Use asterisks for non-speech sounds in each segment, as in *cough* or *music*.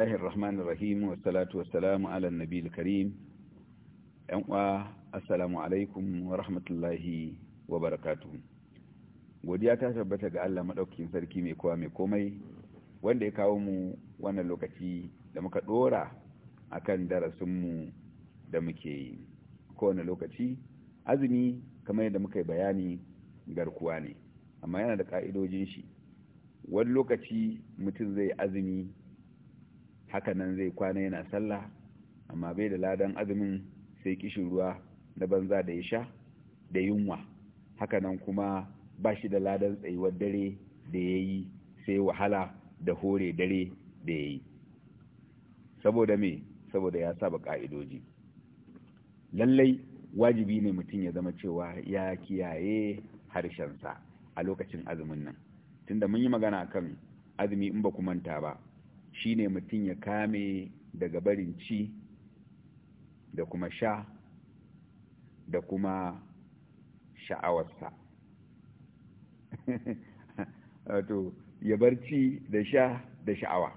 الله الرحمن الرحيم والصلاة والسلام على النبي الكريم السلام عليكم ورحمة godiya ta tabbata ga Allah madaukakin sarki mai komai wanda ya kawo mu wannan lokaci da muka dora akan darasin mu da muke yi kowane lokaci azumi kamar yadda muka yi bayani garkuwa ne amma yana da ka'idojin shi wani lokaci mutum zai azumi haka nan zai kwana yana sallah amma bai da ladan azumin sai kishin ruwa na banza da ya sha da yunwa haka nan kuma ba shi da ladan tsayuwar dare da ya yi sai wahala da hore dare da ya yi saboda me saboda ya saba ka'idoji lallai wajibi ne mutum ya zama cewa ya kiyaye harshensa a lokacin azumin nan tunda mun yi magana kan azumi in ba ku manta ba shine mutum ya kame daga barin ci da kuma sha da kuma sha'awarsa *laughs* wato ya bar ci da sha da sha'awa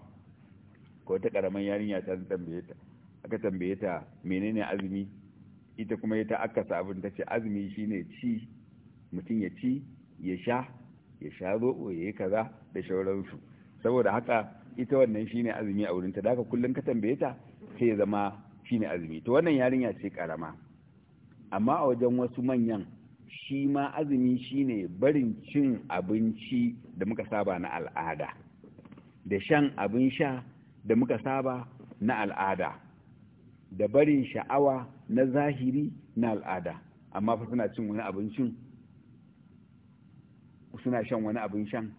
ko ta karaman yarinya ta tambaye ta aka tambaye ta menene azumi ita kuma ita aka sabon ta ce azumi shine ci mutum ya ci ya sha ya sha zo, ya yi kaza da shauransu saboda haka ita wannan shine azumi a wurinta da haka kullum ka tambaye ta sai ya zama shine azumi to wannan yarinya ce karama amma a wajen wasu manyan shi ma azumi shine barin cin abinci da muka saba na al'ada da shan abin sha da muka saba na al'ada da barin sha'awa na zahiri na al'ada amma fa suna cin wani abincin suna shan wani abin shan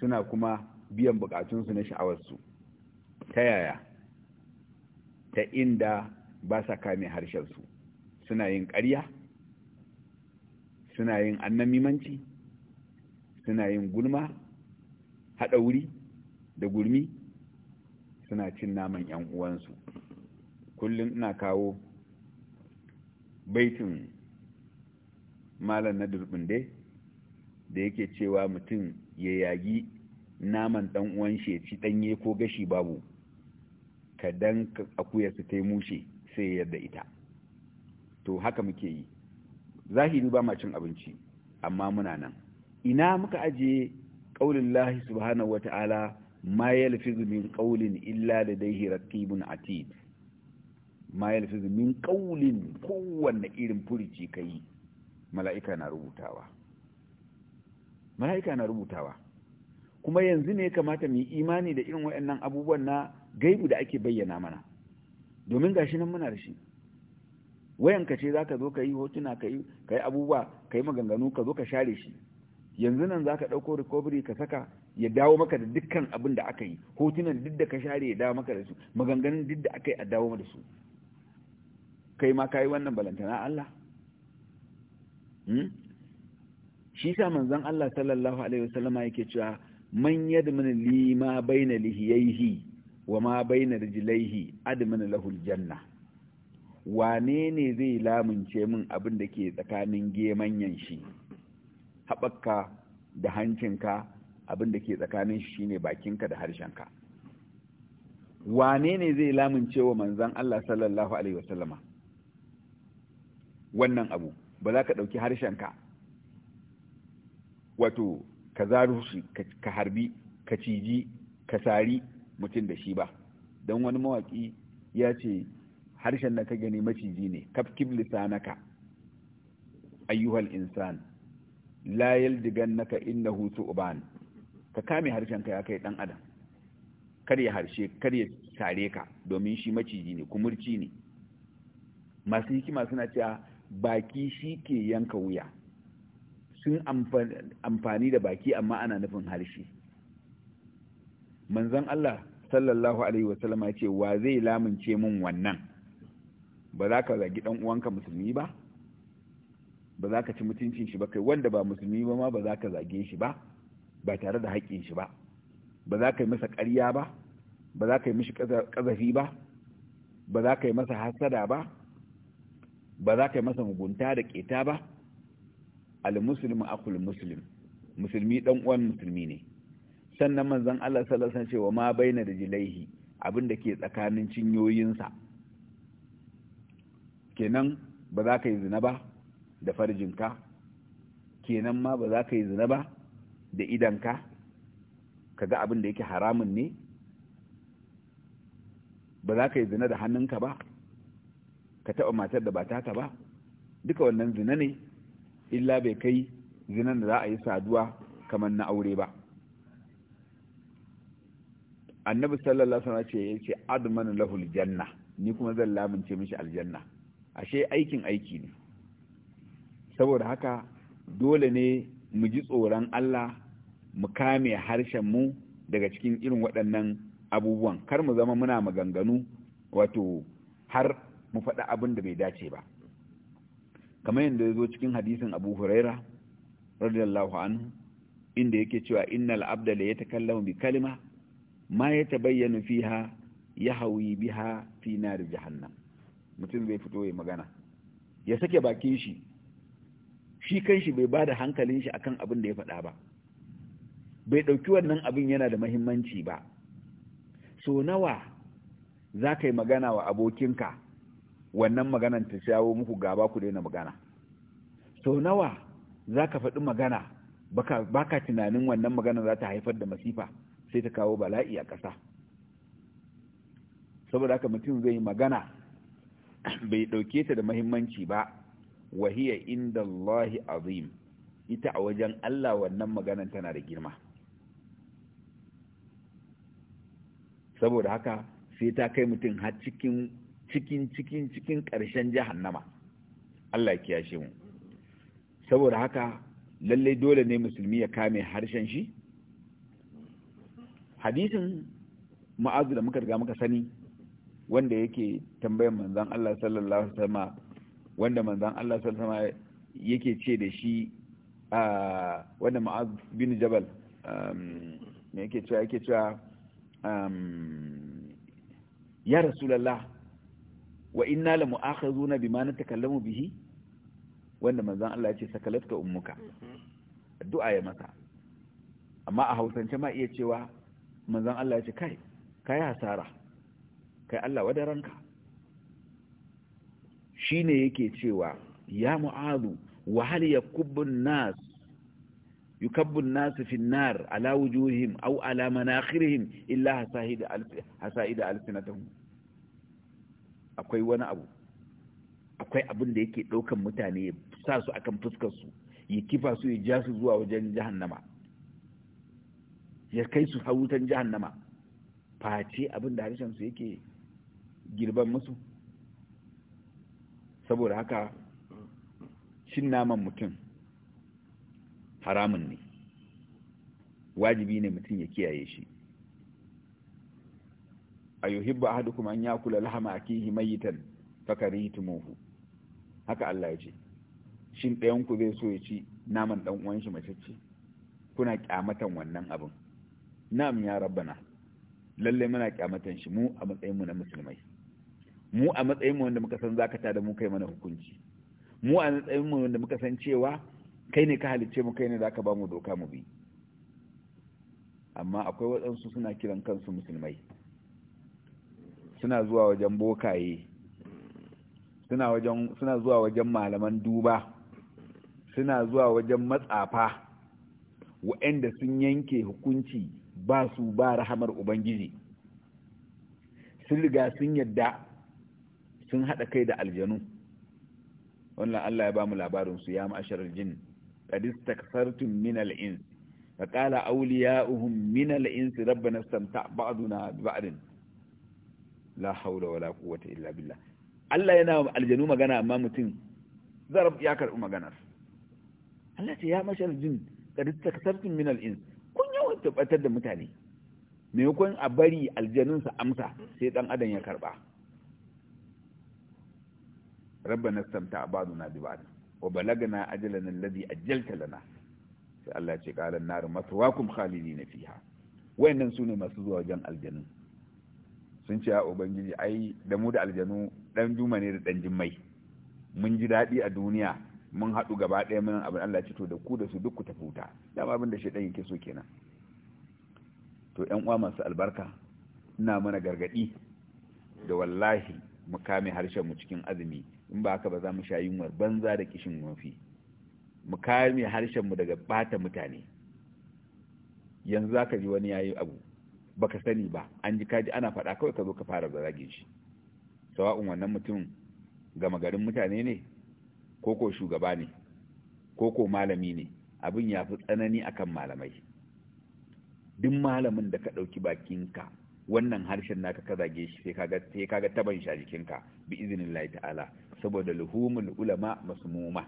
suna kuma biyan bukatunsu na sha'awarsu ta yaya ta inda ba sa kame su, suna yin ƙarya suna yin annamimanci suna yin gulma haɗa wuri da gurmi suna cin naman 'yan uwansu kullum ina kawo baitin malam na durbin da yake cewa mutum ya yagi naman ɗan uwan shi ya ci danye ko gashi babu ka dan akuya su tai mushe sai yadda ita to haka muke yi zahiri ba ma cin abinci amma muna nan ina muka aje qaulin lahi subhanahu wataala ma yalfizu min qaulin illa ladayhi raqibun atid ma yalfizu min qaulin kowanne irin furici kai mala'ika na rubutawa mala'ika na rubutawa kuma yanzu ne ya kamata mu yi imani da irin waɗannan abubuwan na gaibu da ake bayyana mana domin gashi nan muna da shi wayanka ce zaka zo ka yi hotuna ka yi abubuwa ka yi maganganu ka zo ka share shi yanzu nan zaka ɗauko recovery ka saka ya dawo maka da dukkan abin da aka yi hotunan duk da ka share ya dawo maka da su maganganun duk da aka yi a dawo da su kai ma ka yi wannan balantana Allah hmm? shi sa manzon Allah sallallahu alaihi wasallama yake cewa man yadmin li ma baina lihiyaihi wa ma baina rijlaihi admin lahu aljanna wane ne zai lamunce min abin da ke tsakanin gemanyan shi haɓakka da hancinka abin da ke tsakanin shi ne bakinka da harshenka wane ne zai lamunce wa manzon Allah sallallahu alaihi wasallama wannan abu ba za ka ɗauki harshenka wato ka zaru shi ka harbi ka ciji ka sari mutum da shi ba don wani mawaki ya ce harshen da ka gani maciji ne kafkif lisanaka ayyuhal insan la inna hutu uban ka kame harshen ka ya kai dan adam kar ya harshe kar ya sare ka domin shi maciji ne kumurci ne masu hikima suna cewa baki shi ke yanka wuya sun amfani da baki amma ana nufin harshe manzon Allah sallallahu alaihi wasallam ya ce wa zai lamunce min wannan ba za ka zagi dan uwanka musulmi ba ba za ka ci mutuncin shi ba kai wanda ba musulmi ba ma ba za ka zage shi ba ba tare da haƙƙin shi ba ba za ka yi masa ƙarya ba ba za ka yi mishi ƙazafi ba ba za ka yi masa hasada ba ba za ka yi masa mugunta da ƙeta ba al-muslim akul muslim musulmi dan uwan musulmi ne sannan manzon Allah sallallahu alaihi wasallam ma baina da abin abinda ke tsakanin cinyoyinsa kenan ba za ka yi zina ba da farjinka kenan ma ba za ka yi zina ba da idanka ka ga abin da yake haramun ne ba za ka yi zina da hannunka ba ka taɓa matar da ba ta ba duka wannan zina ne illa bai kai zinan da za a yi saduwa kamar na aure ba annabi sallallahu alaihi wasallam ce yace adman lahul janna ni kuma zan lamince mishi aljanna ashe aikin aiki ne saboda haka dole ne mu ji tsoron Allah mu kame harshen mu daga cikin irin waɗannan abubuwan kar mu zama muna maganganu wato har mu faɗa abin da bai dace ba kamar yadda ya zo cikin hadisin abu huraira radiyallahu anhu inda yake cewa innal abda la yatakallamu bi kalima ma yatabayyanu fiha yahwi biha fi nar jahannam mutum zai fito ya magana ya sake bakin shi shi kanshi bai bada hankalin shi akan abin da ya faɗa ba bai ɗauki wannan abin yana da mahimmanci ba so nawa za ka yi magana wa abokinka wannan maganan ta shawo muku gaba ku daina magana sau nawa zaka ka faɗi magana baka ka tunanin wannan magana za ta haifar da masifa sai ta kawo bala'i a ƙasa saboda haka mutum zai magana *clears throat* bai ɗauke ta da mahimmanci ba wahiya inda Allahi azim ita a wajen Allah wannan maganan tana da girma saboda haka sai ta kai mutum har cikin cikin cikin cikin ƙarshen jahannama Allah ya kiyashe mu saboda haka lalle dole ne musulmi ya kame harshen shi hadisin ma'azu da muka riga muka sani wanda yake tambayar manzan Allah sallallahu alaihi wanda manzan Allah sallallahu alaihi yake ce da shi wanda ma'azu bin jabal ne yake cewa yake cewa ya rasulallah wa inna la mu'akhazuna bima natakallamu bihi wanda manzon Allah ya ce sakalatka ummuka addu'a ya masa amma a hausance ma iya cewa manzon Allah ya ce kai kai hasara kai Allah wadaranka shine yake cewa ya mu'adu wa hal yakubbun nas يكب au ala النار illa وجوههم da على مناخرهم إلا akwai wani abu akwai abin da yake ɗaukan mutane ya sa su akan su, ya kifa su ya ja su zuwa wajen jahannama ya kai su jihan jahannama face abin da harshen su yake girban musu saboda haka cin naman mutum haramun ne wajibi ne mutum ya kiyaye shi A ayuhibbu ahadukum an yakula lahama a kihi mayitan fakarihitumuhu haka Allah ya ce shin ɗayan ku zai so ya ci naman dan uwan shi macece kuna kyamatan wannan abin na'am ya rabbana lallai muna kyamatan shi mu a matsayin mu na musulmai mu a matsayin mu wanda muka san za ka tada mu kai mana hukunci mu a matsayin mu wanda muka san cewa kai ne ka halicce mu kai ne za ka ba mu doka mu bi amma akwai waɗansu suna kiran kansu musulmai suna zuwa wajen bokaye suna zuwa wajen malaman duba suna zuwa wajen matsafa wa'anda sun yanke hukunci ba su ba rahamar ubangiji sun riga sun yadda sun haɗa kai da aljanu wannan Allah ya ba mu labarinsu ya ma'asharar jin ƙadis taksartun min al'ins فقال أولياؤهم من الإنس ربنا استمتع بعضنا ببعض la haula wala quwwata illa billah Allah yana aljanu magana amma mutum zarab ya karbi maganar Allah ce ya mashar jin kad takasartum min al-ins kun yawan tabbatar da mutane maimakon a bari aljanun sa amsa sai dan adam ya karba rabbana samta ba'duna bi ba'd wa balagna na alladhi ajjalta lana sai Allah ce qala an-nar maswaakum khalidina fiha wayannan sune masu zuwa wajen aljanun sun ce ya ubangiji ai da mu da aljanu dan juma ne da dan jimmai mun ji daɗi a duniya mun haɗu gaba ɗaya mun abin Allah ce to da ku da su duk ku ta futa dama abin da shaidan yake so kenan to ƴan uwa masu albarka ina mana gargaɗi da wallahi mu kame harshen mu cikin azumi in ba haka ba za mu sha yunwar banza da kishin mafi mu kame harshen mu daga bata mutane yanzu zaka ji wani yayi abu baka sani ba an ji kaji ana faɗa kawai ka zo ka fara zarage shi sawa'un wannan mutum gama garin mutane ne ko ko shugaba ne ko ko malami ne abin ya fi tsanani akan malamai duk malamin da ka ɗauki bakinka wannan harshen naka ka zage shi sai kaga ga taban shi a jikinka bi lai ta'ala saboda luhumul ulama muma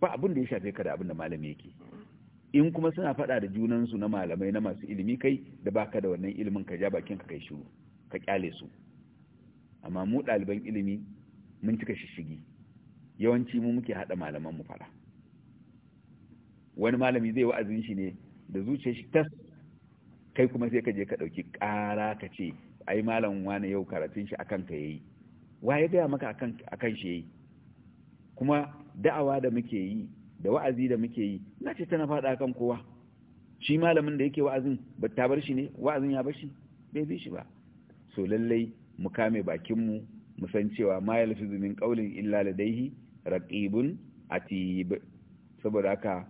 ba abin da ya shafe ka da abin da malami yake in kuma suna faɗa da junansu na malamai na masu ilimi kai da baka da wannan ilimin ka ja bakin ka kai shiru ka kyale su amma mu ɗaliban ilimi mun cika shishigi yawanci mu muke haɗa malaman mu faɗa wani malami zai wa'azin shi ne da zuciyar shi tas kai kuma sai ka je ka ɗauki ƙara ka ce ai malam wani yau karatun shi akan ka yayi wa ya gaya maka akan akan shi yayi kuma da'awa da muke yi da wa'azi da muke yi na ce tana faɗa kan kowa shi malamin da yake wa'azin ba ta bar shi ne wa'azin ya bar shi bai bi shi ba so lallai mu kame bakinmu mu san cewa ma lafi zumin qawlin illa ladayhi raqibun atib saboda ka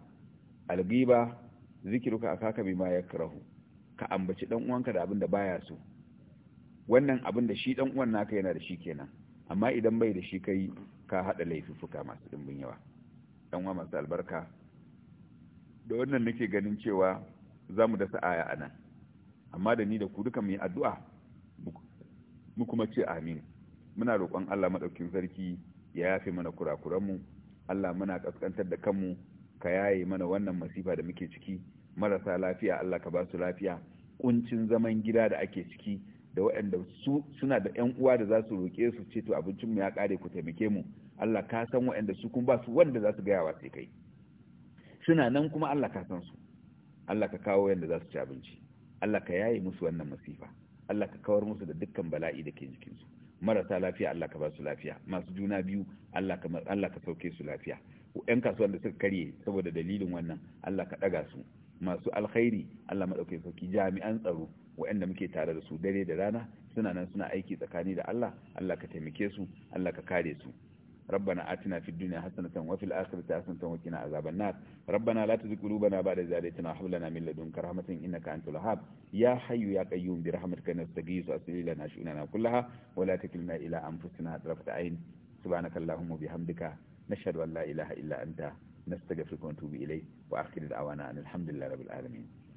algiba zikiruka akaka ya yakrahu ka ambaci dan uwanka da abin da baya so wannan abin da shi ɗan uwan naka yana da shi kenan amma idan bai da shi kai ka haɗa laifuffuka masu dimbin yawa ɗan wa masu albarka da wannan nake ganin cewa za mu dasa aya a nan amma da ni da ku duka mu yi addu'a mu kuma ce amin muna roƙon Allah maɗaukin sarki ya yafe mana kurakuranmu Allah muna ƙasƙantar da kanmu ka yaye mana wannan masifa da muke ciki marasa lafiya Allah ka ba su lafiya ƙuncin zaman gida da ake ciki da waɗanda su suna da 'yan uwa da za su roƙe su ce to abincinmu ya ƙare ku taimake mu Allah ka san waɗanda su kuma ba su wanda za su gaya wa sai kai suna nan kuma Allah ka san su Allah ka kawo yanda za su ci abinci Allah ka yaye musu wannan masifa Allah ka kawar musu da dukkan bala'i da ke jikin su marasa lafiya Allah ka ba su lafiya masu juna biyu Allah ka Allah ka sauke su lafiya ƴan kasuwan da suka karye saboda dalilin wannan Allah ka daga su masu alkhairi Allah madauke sauki jami'an tsaro waɗanda muke tare da su dare da rana suna nan suna aiki tsakani da Allah Allah ka taimake su Allah ka kare su ربنا آتنا في الدنيا حسنة وفي الآخرة حسنة وقنا عذاب النار ربنا لا تزغ قلوبنا بعد إذ هديتنا وهب لنا من لدنك رحمة إنك أنت الوهاب يا حي يا قيوم برحمتك نستغيث وأسئل لنا شؤوننا كلها ولا تكلنا إلى أنفسنا طرفة عين سبحانك اللهم وبحمدك نشهد أن لا إله إلا أنت نستغفرك ونتوب إليك وآخر دعوانا أن الحمد لله رب العالمين